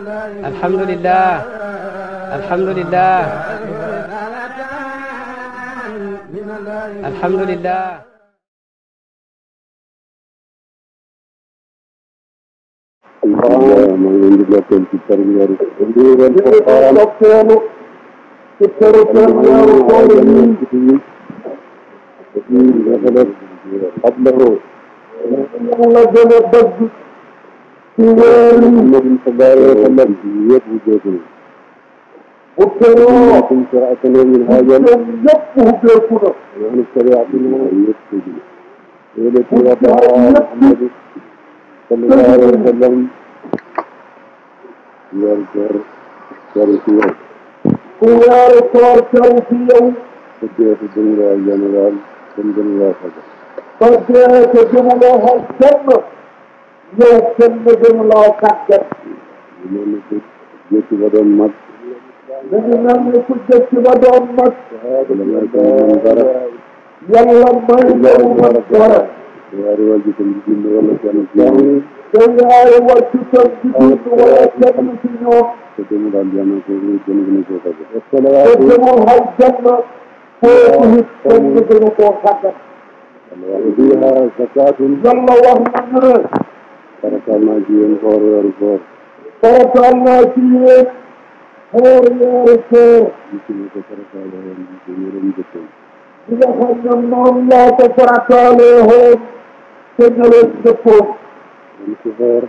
alhamdulillah alhamdulillah alhamdulillah maa ngi leen di bokkal ci kër Ndiol. di leen bokkal ci kër Ndiol. maa ngi leen di bokkal ci kër Ndiol. محمد فبارك وسلم يبدو وكانوا كنت شرعتنا من هذا يبدو بيكونا يعني شريعتنا يبدو التي وضعها محمد صلى الله عليه وسلم يرجر شرفيه ويرجر شرفيه فجاه الدنيا الجمال الحمد لله فجاه فجاه الدنيا الجمال yow kenn gënu loo kàggat. dañoo ne ku jëkk ba doon mag. dañu naan ne ku jëkk ba doon mag. yàlla may ko mën dara. yàlla may ko mën dara. yaari wàllu tam di bind wala kenn ci ñoom. te yaari wàllu tam di bind wala kenn ci ñoom. te demul aljanna kooku it kenn gënu koo kàggat. te demul aljanna kooku it kenn gënu koo kàggat. yàlla wax na ne. farataal naa ci yéen xoor weeru koor. farataal naa ci yéen xoor weeru koor. gis nga ko farataale woon ci ñërëm dëkkam. li nga xam ne moom laa ko farataale woon te ñërëm dëkkoon. kon ku xoor.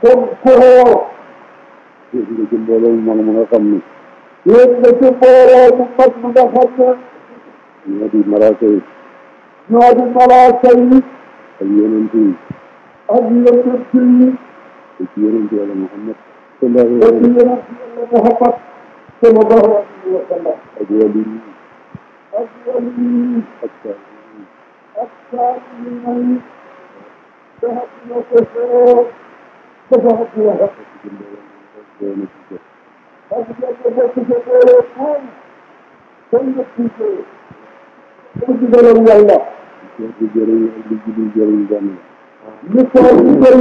kon ku xoor. yéen nga ci mbooloo mu mag mu nga xam ne. yéen nga ci mbooloo mu mag mu nga xam ne. ñoo di malaaka yi. ñoo di malaaka yi. ak yeneen yi. àddina bépp julli. te ci yonent yàlla Muhammad. sallallahu alayhi wa sallam. te ci yonent yàlla Muhammad. sallallahu alayhi wa sallam. ak wàllu yi. ak wàllu yi. ak saa yi. ak saa yi may. dafa dina ko soo. dafa dina ko. parce que dafa dina ko soo. kenn nga ci ko. kenn ci jëloon yàlla. kenn ci jëloon yàlla. li tool bi béy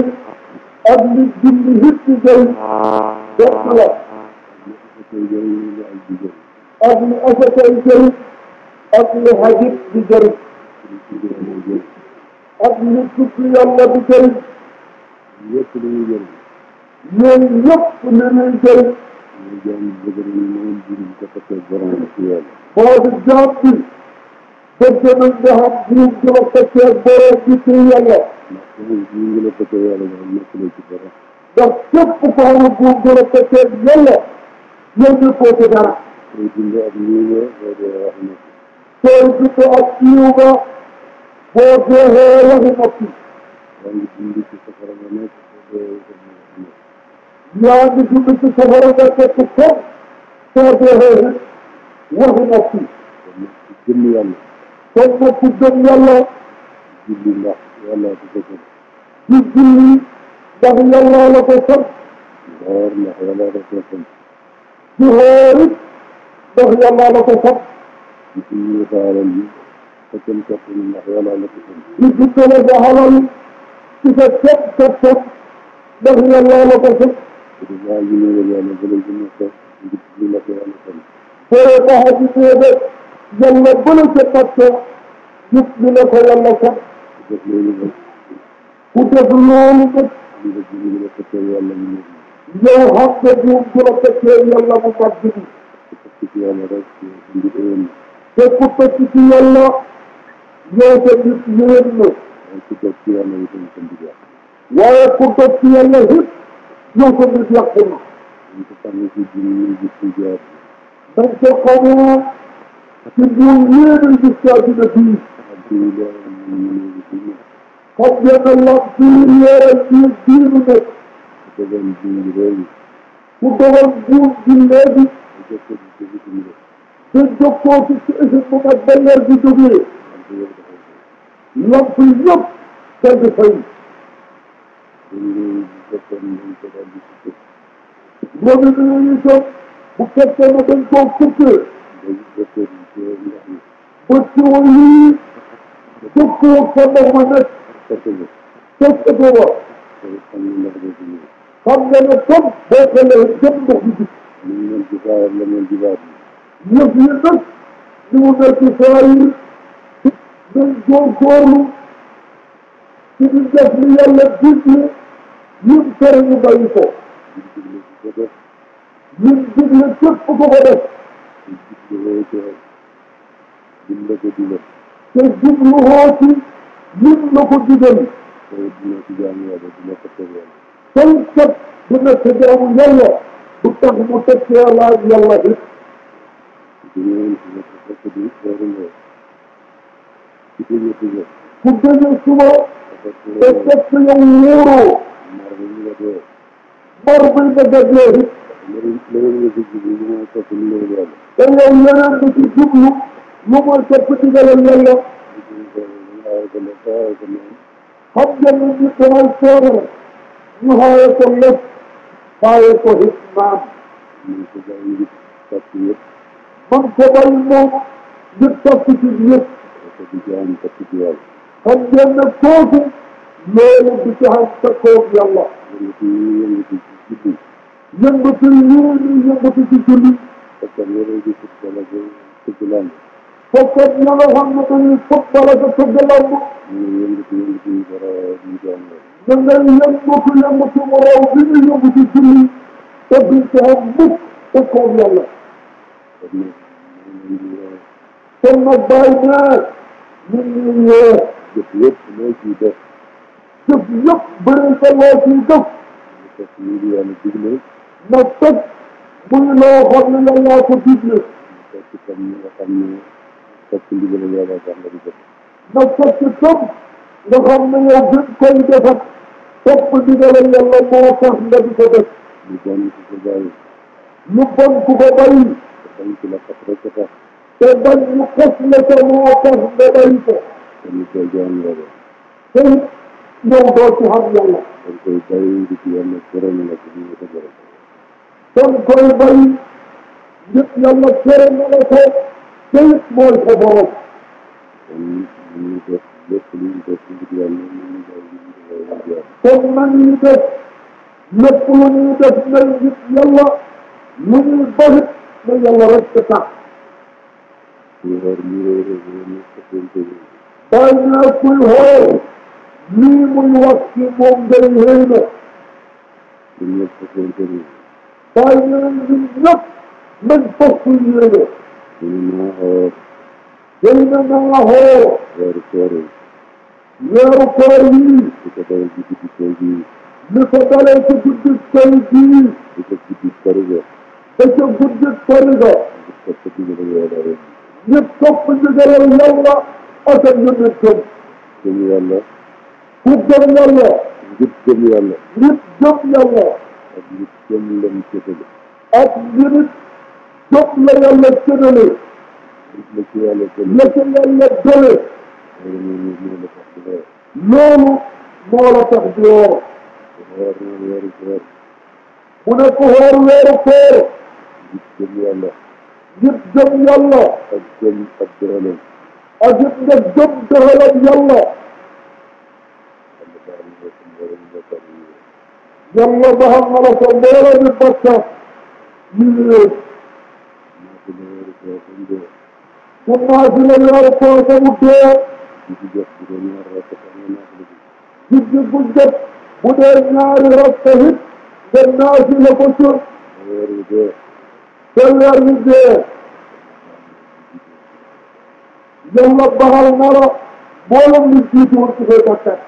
ak li dindi yëpp di béy bokk la ak li asakay jëriñ ak li xajib di jëriñ ak li tudd yàlla di jëriñ yëpp dañuy jëriñ yooyu yëpp dañuy jëriñ boo di jaam bi bëgg nañ nga xam jiw bi ko fekkee borom bi ci yàlla donc képp ko xamul bu gën a fekkee yàlla yëngal ko ci dara. tey dund ak ñii nga boo dee wax noppi. tey dund ak ñii nga boo dee waxi noppi. yaa ngi dund ci safara nga nekk boo dee waxi noppi. yaa ngi dund ci safara nga fekk ko boo dee waxi noppi. kon nag ku gëm yàlla. kon nag ku gëm yàlla. julli ndax. wallaay du dëgg la. gis julli ndax yàlla la ko sab. woor ndax yàlla la ko sab. di woor it ndax yàlla la ko sab. di julli sa alal yi sa kem kattan ndax yàlla la ko sab. di jukkale sa alal ci sa képp kattan ndax yàlla la ko sab. di jaay yu ne la yàlla bële bu mu sab di julli la ko yàlla sab. soo tax a ci téye ba yàlla bële ca kattan yëpp dina ko yàlla sab. def loolu nag. ku def loolu nag. am nga jiw bi la fekkee yàlla bu mag bi. yow xam nga jiw bi la fekkee yàlla bu mag bi. ku tëkk ci yàlla rek nit yéen la. te ku tëkk ci yàlla. yow te nit yéen la. waaye ku tëkk ci yàlla yi tamit tamit yàq. waaye ku tëkk ci yàlla it. yow te nit yàq na. dañ ko xamee ci jiw yi gis ci jaar. dañ ko xamee. ci jiw yéen a gis ci àddina bii. قد يتلقى يا رسول دينك تبان دين غالي وتبان دين بلادي تدقوا في اسم مقدم يرجو به لب لب تدفعي ومن يشوف مكتبة كنت وكتبة بس وليه Çok senden olmaz. Çok da doğru. Senden çok bokları çok dokunuyor. Bunun civarında ne civarında? Yok yıldır. Yumurtaki sarayı. Ben zor zorlu. Sizin deflilerle bizi. Yum sarayı bayıko. Yum cümle çok bu kadar. Yum cümle çok bu kadar. Cümle çok bu kadar. te jubluwoo ci lim la ko digal. te dina ci jaamu yàlla dina ko teg yàlla. kon kat dina ci jaamu yàlla bu tax mu teg ci yàlla yàlla ku gëne suba. te fekk yow wóoroo. mar bi nga déggee it. da ngay yeneen lu ci moomol topp ndigalam yàlla xam nga ni ñu teral soorala ñu xaaye ko lépp xaaye ko xikmaam man ko bay moom ngir topp ci yëpp xam ngeen ne kooku loolu du taxaw sa koog yàlla yëngatu yi yëngatu ci julli fekkee dina nga xam ne que ni foog wala sa tëgg lamb. ñu ngi yëngatu yëngatu mu raw bi ñu yëngu ci julli te duñ ci xam mukk te koom yàlla. kon nag bàyyi naa ñu ngi ñëwee. jëf yëpp loo ciy def. jëf yëpp bëri sa loo ciy def. na tëj muy loo xam ne yàlla ko digle. fekk ndigalu yow ma jox la di jëf. nga fekk tam nga xam ne yow gën koy defar topp ndigalu yàlla moo tax nga di ko def. lu bon ku ko bàyyi. lu bon ku ko bàyyi. te bañ ci la xas rek tax. te bañ ñu xas la te moo tax nga bàyyi ko. te ñu koy joxoon yàlla. te it yow doo ci xam yàlla. dañ koy bàyyi di ci yàlla gërëm la ci ñu ko gërëm. dañ koy bàyyi yëpp yàlla gërëm la ko. lépp mooy sa borom. kon ñu def lépp lu ñu def lu yàlla kon man ñu def lépp lu ñu def na ngir yàlla lu ñu bëgg na yàlla rek tax. kuy xool lii muy wax ci moom day rëy na. ñun ñëpp fas yéene. bàyyi ñun ñëpp nañ fas sunna xoor sunna na nga xoor weeru koor weeru koor yi li ko dalee ci guddi koor gi li ko dalee ci guddi koor gi li ko guddi koor ga ba ca guddi koor ga ñëpp topp ndigalal yàlla asa yonentam gëm yàlla ku gëm yàlla ngir gëm yàlla ngir gëm yàlla ak ngir gëm lam jëfale ak ngir topp la yàlla tëddale. la ci yàlla tëddale. la ci yàlla tëddale. loolu moo la tax di woor. bu ne ko woor weeru koor. ngir gëm yàlla. ngir gëm yàlla. ak gëm ak doxalam. ak it nga gëm doxalam yàlla. yàlla ba xam nga la sa mbooloo di bakka yi gannaaw bi la weeru koor ubbee guddi bu jot bu dee ñaari rakka it gannaaw bi la ko jot te weer wi dee yàlla baxal nara mboolem li jiitu woon ci koy bakkat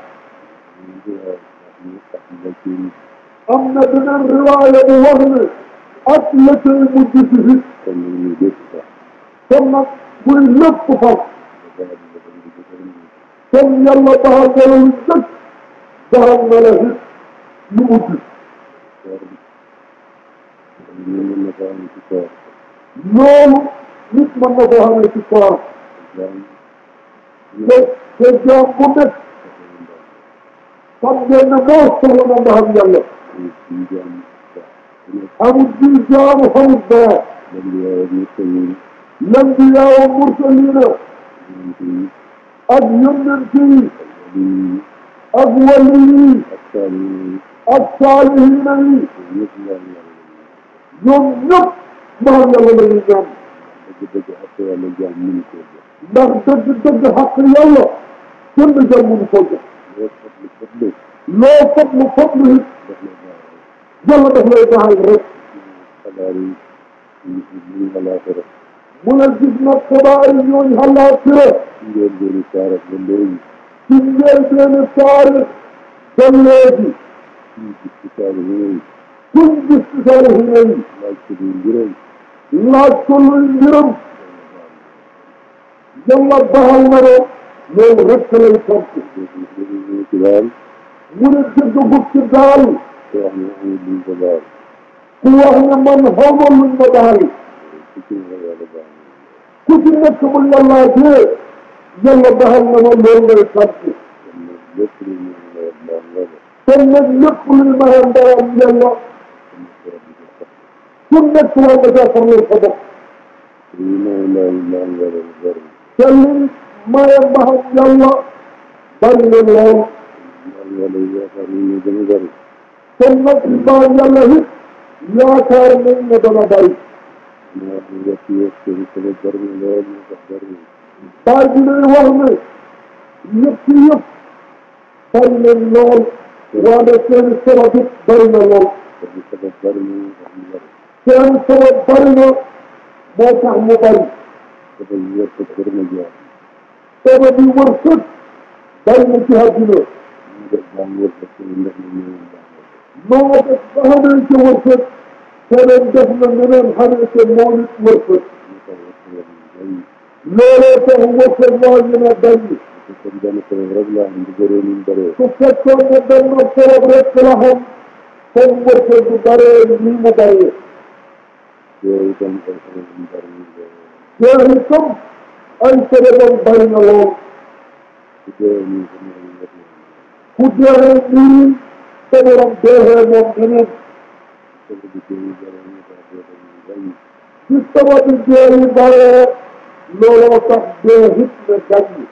am na beneen riwaaya bu wax ne at la cay mujj si it kon nag pour ñëpp fal kon yàlla taxaw na lu dëkk taxaw na la it lu ubbi loolu nit mën na koo xam ne ci koor te te jaam bu nekk xam ngeen ne moo soxla na nga xam yàlla amul ji jaamu xamul dara l'anbiyaa wa mursaliina mm-hmm. ak yonent yi ak wali yi ak saalihiina yi ñoom ñëpp maam yàlla la ñuy ñaan ndax dëgg-dëgg xaq yàlla kenn jar mënu ko jox loo foog lu foog lu it yàlla daf lay baaxal rek mu ne gis na xabaar yooyu xalaat ci la. ngeen jëli taarix ba léegi. ci ngeen jëli taarix ba léegi. ñu gis ci taarix yooyu. suñ gis ci taarix yooyu. laaj ko luy njëriñ. laaj ko luy njëriñ. yàlla baaxal na ko. loolu rek lay tontu. ci daal. mu ne dëgg ci daal. ku wax ne amul luñ ko daal. ku wax ne man xamal luñ ko daal. lépp buñ la laajee yàlla baxal na ma loolu ngay sant. kon nag lépp luy maanaam dara am yàlla. ku nekk war nga saa farlu sa bopp. te li maanaam baxal yàlla bari na lool. kon nag baal yàlla it yaakaar nañ ne dana bari. baay bi leen wax ne yëpp ci yëpp bari na lool waaye seen sabab it bari na lool seen sabab bari na moo tax mu bari sabab yi wërsëg bari na ci àddina moo def ba xamee ci wërsëg keneen def na neneen xamante moom it wërsëg loolee tax wërsëg wàññi na dañu su fekkoon ne benn sabab rek la xam kon wërsëg bu baree ni mu baree jeex itam ay sababam bari na lool ku jeexee nii sabaram deexee moom keneen ci sababu dee yi bare looloo tax dee it na gañ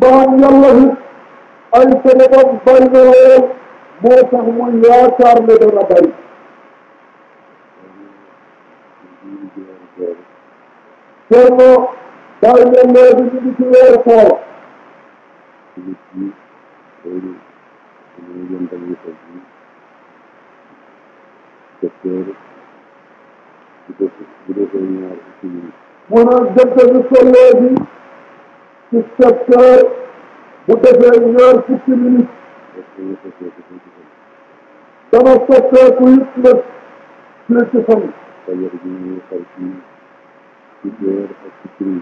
baam yàlla it ay sababam bari na moo tax mu yaakaar ne dana bari cerno bàyyi na léegi ñu ngi ci weer koor yëngal yëngal yi docteur bu defee bu defee ñaar ci ñun. mu ne docteur bi solo bi ci secteur bu defee ñaar fukki minute. dama soppeeku it nag fii ci fan. fajar bi ñu xaw ci ci heure ak ci prix.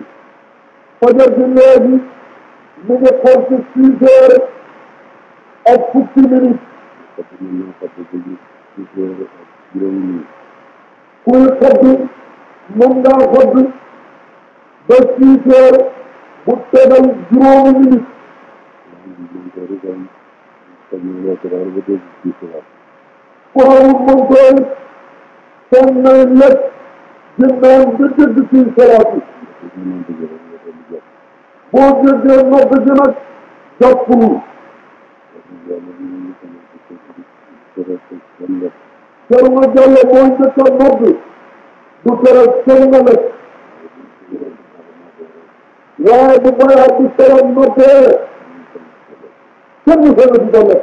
fajar bi léegi mu ngi xaw ci six heures. ak fukki minute. fukki minute kuy xob mën ngaa xob ba six heures bu tegal juróomi minute. kooru mën koy sànnay lépp ginnaaw nga dëgg ci salaat yi. boo déggee nopp ji nag jàppul Cerno Jallo mooy njëkk a nobbi du teral kenn nag waaye bu balaa di teral nobbee kenn seen di dana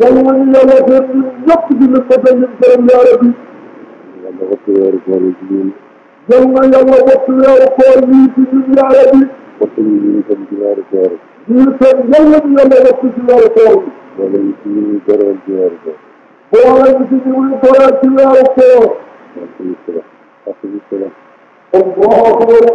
Yàlla ñu yàlla xeet ñu ñëpp di lu ko dañu teral yaara bi Yàlla na yàlla wattu weeru koor yi ci ñun yaara bi waxtu bi ñu ngi jëm ci weeru koor bi. ñu ngi ko yàlla na yàlla waxtu ci weeru koor bi. boole ñu ci ñu doral ci weeru koor. boole ñu ci ñu doral ci weeru koor.